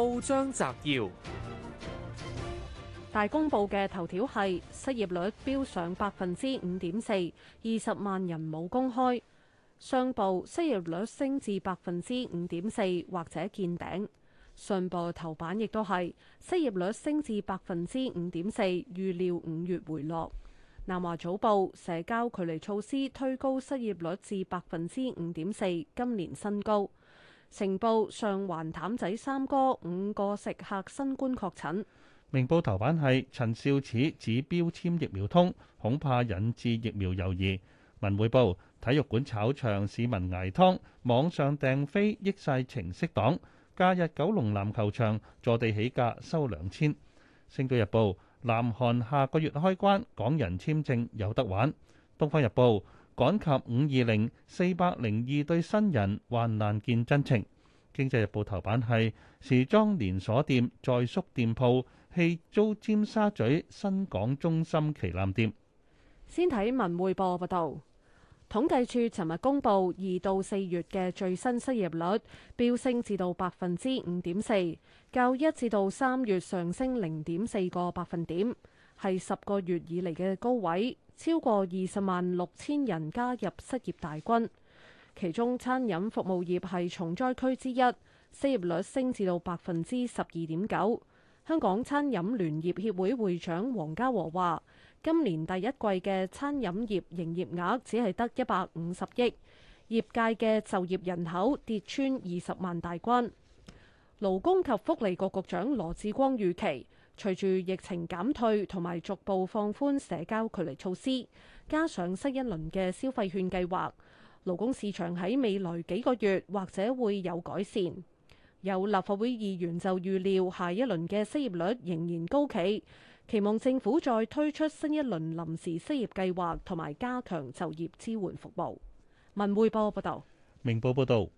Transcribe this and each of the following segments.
報章摘要：大公報嘅頭條係失業率飆上百分之五點四，二十萬人冇工開。上報失業率升至百分之五點四，或者見頂。信報頭版亦都係失業率升至百分之五點四，預料五月回落。南華早報社交距離措施推高失業率至百分之五點四，今年新高。成報上環譚仔三哥五個食客新冠確診。明報頭版係陳肇始指標籤疫苗通恐怕引致疫苗猶豫。文匯報體育館炒場市民捱劏，網上訂飛益晒程式黨。假日九龍籃球場坐地起價收兩千。星島日報南韓下個月開關，港人簽證有得玩。東方日報趕及五二零，四百零二對新人患難見真情。經濟日報頭版係時裝連鎖店再縮店鋪，棄租尖沙咀新港中心旗艦店。先睇文匯報報道，統計處尋日公布二到四月嘅最新失業率，飆升至到百分之五點四，較一至到三月上升零點四個百分點，係十個月以嚟嘅高位。超過二十萬六千人加入失業大軍，其中餐飲服務業係重災區之一，失業率升至到百分之十二點九。香港餐飲聯業協會會長黃家和話：今年第一季嘅餐飲業營業額只係得一百五十億，業界嘅就業人口跌穿二十萬大關。勞工及福利局局長羅致光預期。隨住疫情減退同埋逐步放寬社交距離措施，加上新一輪嘅消費券計劃，勞工市場喺未來幾個月或者會有改善。有立法會議員就預料下一輪嘅失業率仍然高企，期望政府再推出新一輪臨時失業計劃，同埋加強就業支援服務。文匯報報道。明報報導。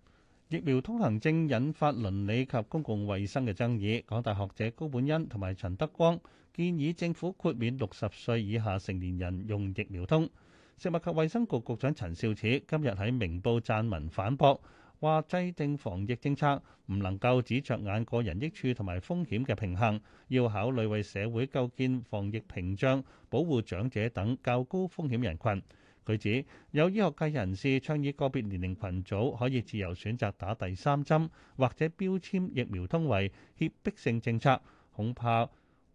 疫苗通行證引發倫理及公共衛生嘅爭議，港大學者高本恩同埋陳德光建議政府豁免六十歲以下成年人用疫苗通。食物及衛生局局長陳肇始今日喺明報撰文反駁，話制定防疫政策唔能夠只着眼個人益處同埋風險嘅平衡，要考慮為社會構建防疫屏障，保護長者等較高風險人群。佢指有醫學界人士倡議個別年齡群組可以自由選擇打第三針，或者標籤疫苗通為脅迫性政策，恐怕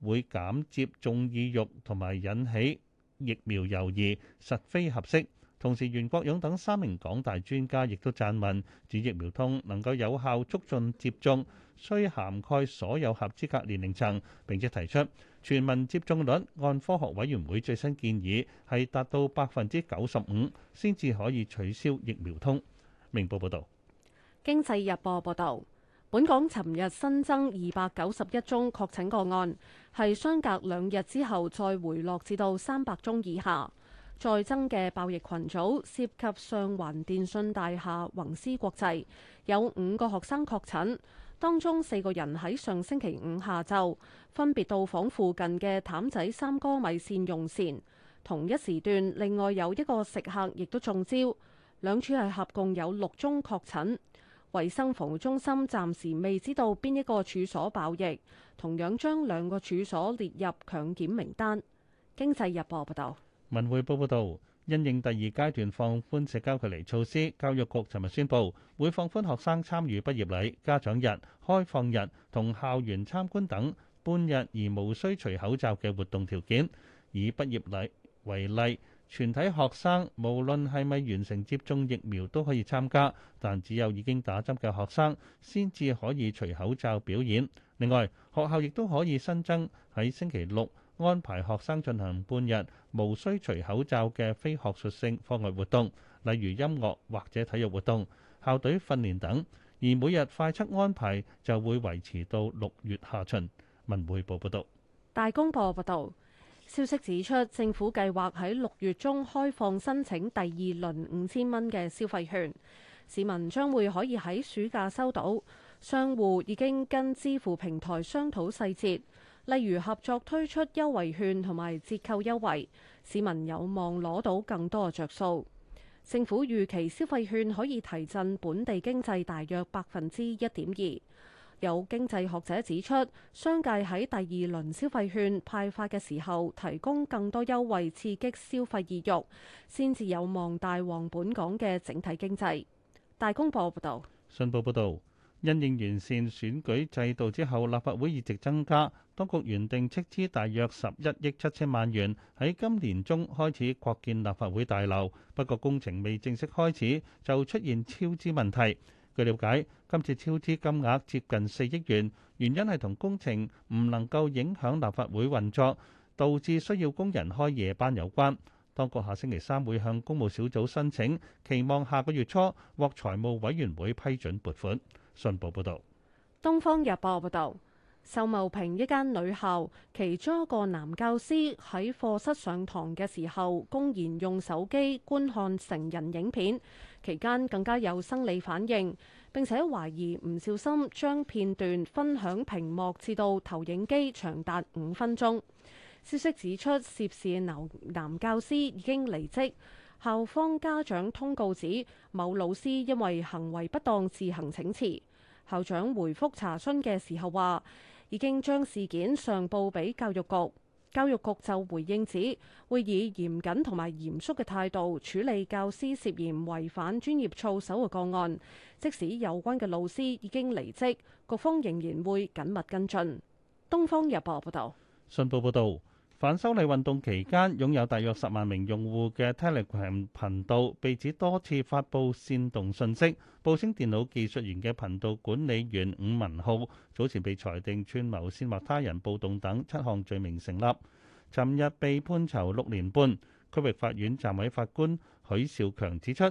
會減接種意欲同埋引起疫苗猶豫，實非合適。同時，袁國勇等三名港大專家亦都撰文，指疫苗通能夠有效促進接種，需涵蓋所有合資格年齡層。並且提出，全民接種率按科學委員會最新建議係達到百分之九十五先至可以取消疫苗通。明報報道，經濟日報報道，本港尋日新增二百九十一宗確診個案，係相隔兩日之後再回落至到三百宗以下。再增嘅爆疫群組涉及上環電訊大廈宏斯國際，有五個學生確診。當中四個人喺上星期五下晝分別到訪附近嘅譚仔三哥米線用膳，同一時段另外有一個食客亦都中招，兩處係合共有六宗確診。衛生防護中心暫時未知道邊一個處所爆疫，同樣將兩個處所列入強檢名單。經濟日報報道，文匯報報道。因應第二階段放寬社交距離措施，教育局尋日宣布，會放寬學生參與畢業禮、家長日、開放日同校園參觀等半日而無需除口罩嘅活動條件。以畢業禮為例，全體學生無論係咪完成接種疫苗都可以參加，但只有已經打針嘅學生先至可以除口罩表演。另外，學校亦都可以新增喺星期六。安排學生進行半日無需除口罩嘅非學術性課外活動，例如音樂或者體育活動、校隊訓練等。而每日快測安排就會維持到六月下旬。文匯報報道。大公報報道，消息指出，政府計劃喺六月中開放申請第二輪五千蚊嘅消費券，市民將會可以喺暑假收到。商戶已經跟支付平台商討細節。例如合作推出優惠券同埋折扣優惠，市民有望攞到更多嘅着數。政府預期消費券可以提振本地經濟大約百分之一點二。有經濟學者指出，商界喺第二輪消費券派發嘅時候提供更多優惠，刺激消費意欲，先至有望帶旺本港嘅整體經濟。大公報報道。信報報導。因應完善選舉制度之後，立法會議席增加，當局原定斥資大約十一億七千萬元喺今年中開始擴建立法會大樓，不過工程未正式開始就出現超支問題。據了解，今次超支金額接近四億元，原因係同工程唔能夠影響立法會運作，導致需要工人開夜班有關。當局下星期三會向工務小組申請，期望下個月初獲財務委員會批准撥款。信報報導，東方日報報導，秀茂坪一間女校，其中一個男教師喺課室上堂嘅時候，公然用手機觀看成人影片，期間更加有生理反應，並且懷疑唔小心將片段分享屏幕至到投影機，長達五分鐘。消息指出，涉事男男教師已經離職。校方家長通告指某老師因為行為不當自行請辭。校長回覆查詢嘅時候話，已經將事件上報俾教育局。教育局就回應指，會以嚴謹同埋嚴肅嘅態度處理教師涉嫌違反專業操守嘅個案。即使有關嘅老師已經離職，局方仍然會緊密跟進。《東方日報》報道。《信報》報導。反修例運動期間擁有大約十萬名用戶嘅 Telegram 頻道被指多次發佈煽動訊息，報稱電腦技術員嘅頻道管理員伍文浩早前被裁定串謀煽惑他人暴動等七項罪名成立，尋日被判囚六年半。區域法院暫委法官許少強指出。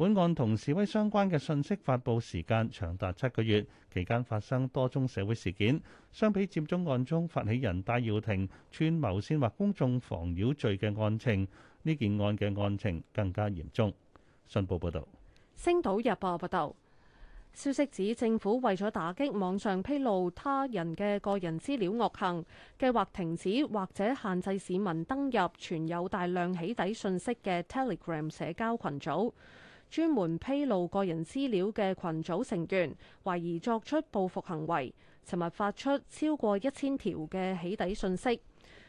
本案同示威相關嘅信息發布時間長達七個月，期間發生多宗社會事件。相比佔中案中發起人戴耀廷串謀煽惑公眾妨擾罪嘅案情，呢件案嘅案情更加嚴重。信報報道。《星島日報》報道，消息指政府為咗打擊網上披露他人嘅個人資料惡行，計劃停止或者限制市民登入存有大量起底信息嘅 Telegram 社交群組。專門披露個人資料嘅群組成員，懷疑作出報復行為。尋日發出超過一千條嘅起底信息。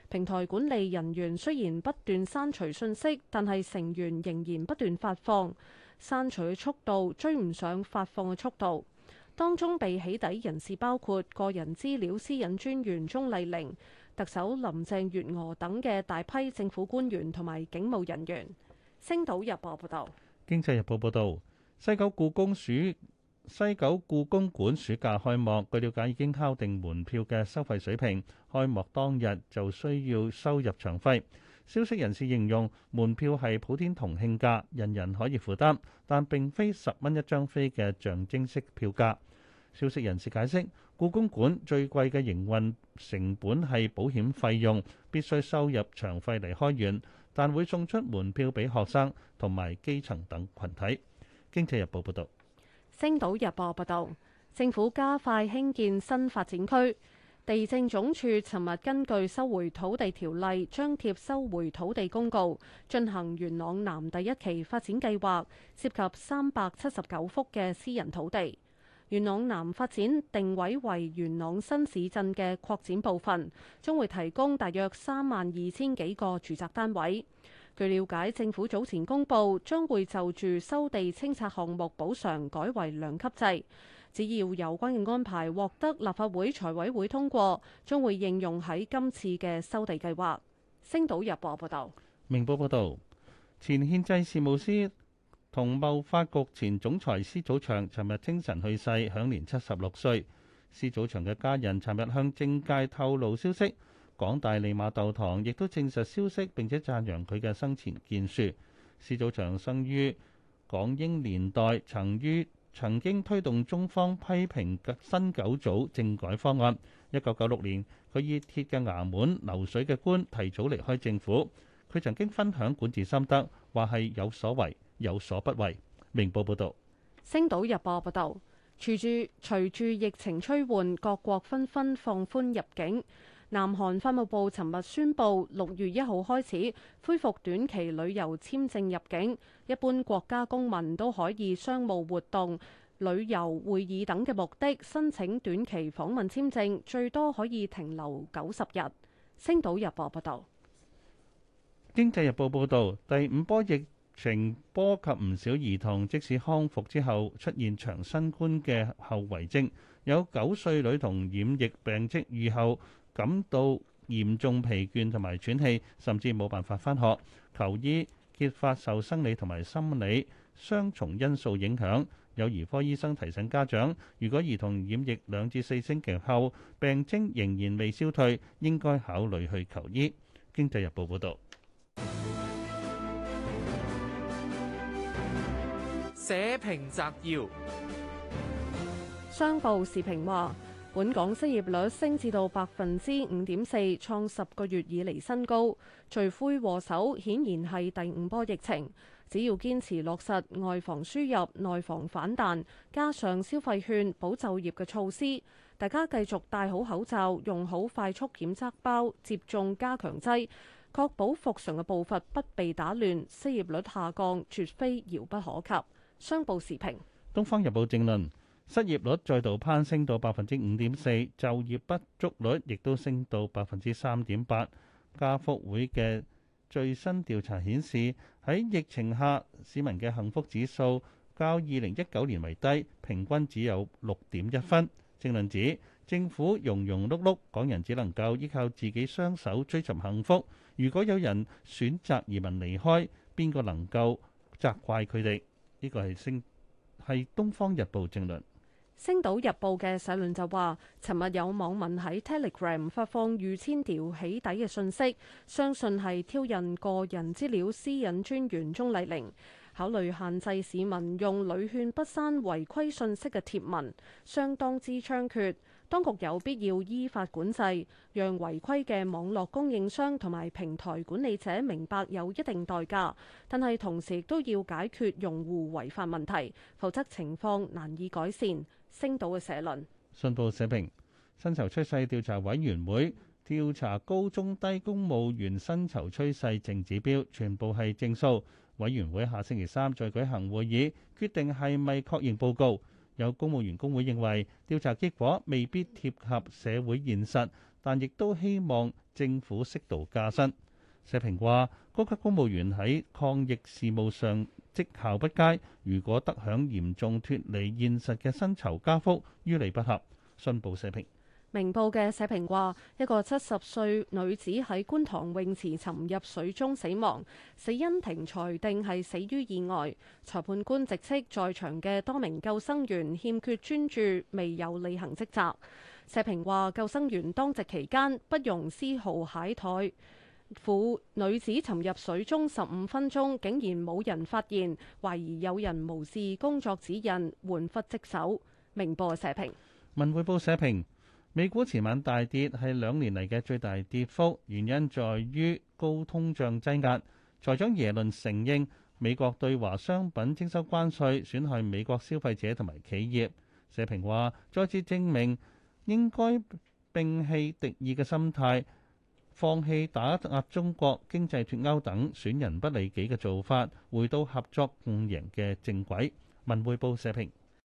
平台管理人員雖然不斷刪除信息，但係成員仍然不斷發放，刪除嘅速度追唔上發放嘅速度。當中被起底人士包括個人資料私隱專員鍾麗玲、特首林鄭月娥等嘅大批政府官員同埋警務人員。星島日報報道。經濟日報報導，西九故宮暑西九故宮館暑假開幕，據了解已經敲定門票嘅收費水平，開幕當日就需要收入場費。消息人士形容，門票係普天同慶價，人人可以負擔，但並非十蚊一張飛嘅象徵式票價。消息人士解釋，故宮館最貴嘅營運成本係保險費用，必須收入場費嚟開源。但會送出門票俾學生同埋基層等群體。經濟日報報道，星島日報報道，政府加快興建新發展區。地政總署尋日根據收回土地條例，張貼收回土地公告，進行元朗南第一期發展計劃，涉及三百七十九幅嘅私人土地。元朗南發展定位為元朗新市鎮嘅擴展部分，將會提供大約三萬二千幾個住宅單位。據了解，政府早前公布將會就住收地清拆項目補償改為兩級制，只要有關嘅安排獲得立法會財委會通過，將會應用喺今次嘅收地計劃。星島日報報道：「明報報道，前憲制事務司。」同貿發局前總裁施祖祥，尋日清晨去世，享年七十六歲。施祖祥嘅家人尋日向政界透露消息，港大利瑪竇堂亦都證實消息，並且讚揚佢嘅生前建樹。施祖祥生於港英年代，曾於曾經推動中方批評新九組政改方案。一九九六年，佢以鐵嘅衙門、流水嘅官提早離開政府。佢曾經分享管治心得，話係有所為，有所不為。明報報道：《星島日報》報道，隨住，住，住疫情趨緩，各國紛紛放寬入境。南韓法務部尋日宣布，六月一號開始恢復短期旅遊簽證入境，一般國家公民都可以商務活動、旅遊、會議等嘅目的申請短期訪問簽證，最多可以停留九十日。《星島日報》報道：《經濟日報》報道，第五波疫。疫情波及唔少兒童，即使康復之後出現長新冠嘅後遺症，有九歲女童染疫病跡後，愈後感到嚴重疲倦同埋喘氣，甚至冇辦法返學求醫。揭發受生理同埋心理雙重因素影響，有兒科醫生提醒家長，如果兒童染疫兩至四星期後病徵仍然未消退，應該考慮去求醫。經濟日報報導。社評摘要，商報時評話，本港失業率升至到百分之五點四，創十個月以嚟新高。罪魁禍首顯然係第五波疫情。只要堅持落實外防輸入、內防反彈，加上消費券保就業嘅措施，大家繼續戴好口罩、用好快速檢測包、接種加強劑，確保復常嘅步伐不被打亂，失業率下降絕非遙不可及。商報時評，《東方日報》政論：失業率再度攀升到百分之五點四，就業不足率亦都升到百分之三點八。家福會嘅最新調查顯示，喺疫情下，市民嘅幸福指數較二零一九年為低，平均只有六點一分。政論指政府庸庸碌碌，港人只能夠依靠自己雙手追尋幸福。如果有人選擇移民離開，邊個能夠責怪佢哋？呢個係星係《東方日報》政論，《星島日報》嘅社論就話，尋日有網民喺 Telegram 發放逾千條起底嘅訊息，相信係挑釁個人資料私隱專員鍾麗玲。考慮限制市民用屢勸不刪違規信息嘅貼文，相當之猖獗。當局有必要依法管制，讓違規嘅網絡供應商同埋平台管理者明白有一定代價。但係同時亦都要解決用戶違法問題，否則情況難以改善。星島嘅社論。信報社評：薪酬趨勢調查委員會調查高中低公務員薪酬趨勢淨指標，全部係正數。委員會下星期三再舉行會議，決定係咪確認報告。有公務員工會認為調查結果未必貼合社會現實，但亦都希望政府適度加薪。社評話：高級公務員喺抗疫事務上績效不佳，如果得享嚴重脫離現實嘅薪酬加幅，於理不合。信報社評。明報嘅社評話：一個七十歲女子喺觀塘泳池沉入水中死亡，死因庭裁定係死於意外。裁判官直斥在場嘅多名救生員欠缺專注，未有履行職責。社評話：救生員當值期間不容絲毫懈怠。婦女子沉入水中十五分鐘，竟然冇人發現，懷疑有人無視工作指引，玩忽職守。明報社評，文匯報社評。美股前晚大跌，係兩年嚟嘅最大跌幅，原因在於高通脹擠壓，財長耶倫承認美國對華商品徵收關稅損害美國消費者同埋企業。社評話再次證明應該摒棄敵意嘅心態，放棄打壓中國、經濟脫鈎等損人不利己嘅做法，回到合作共贏嘅正軌，文匯報社評。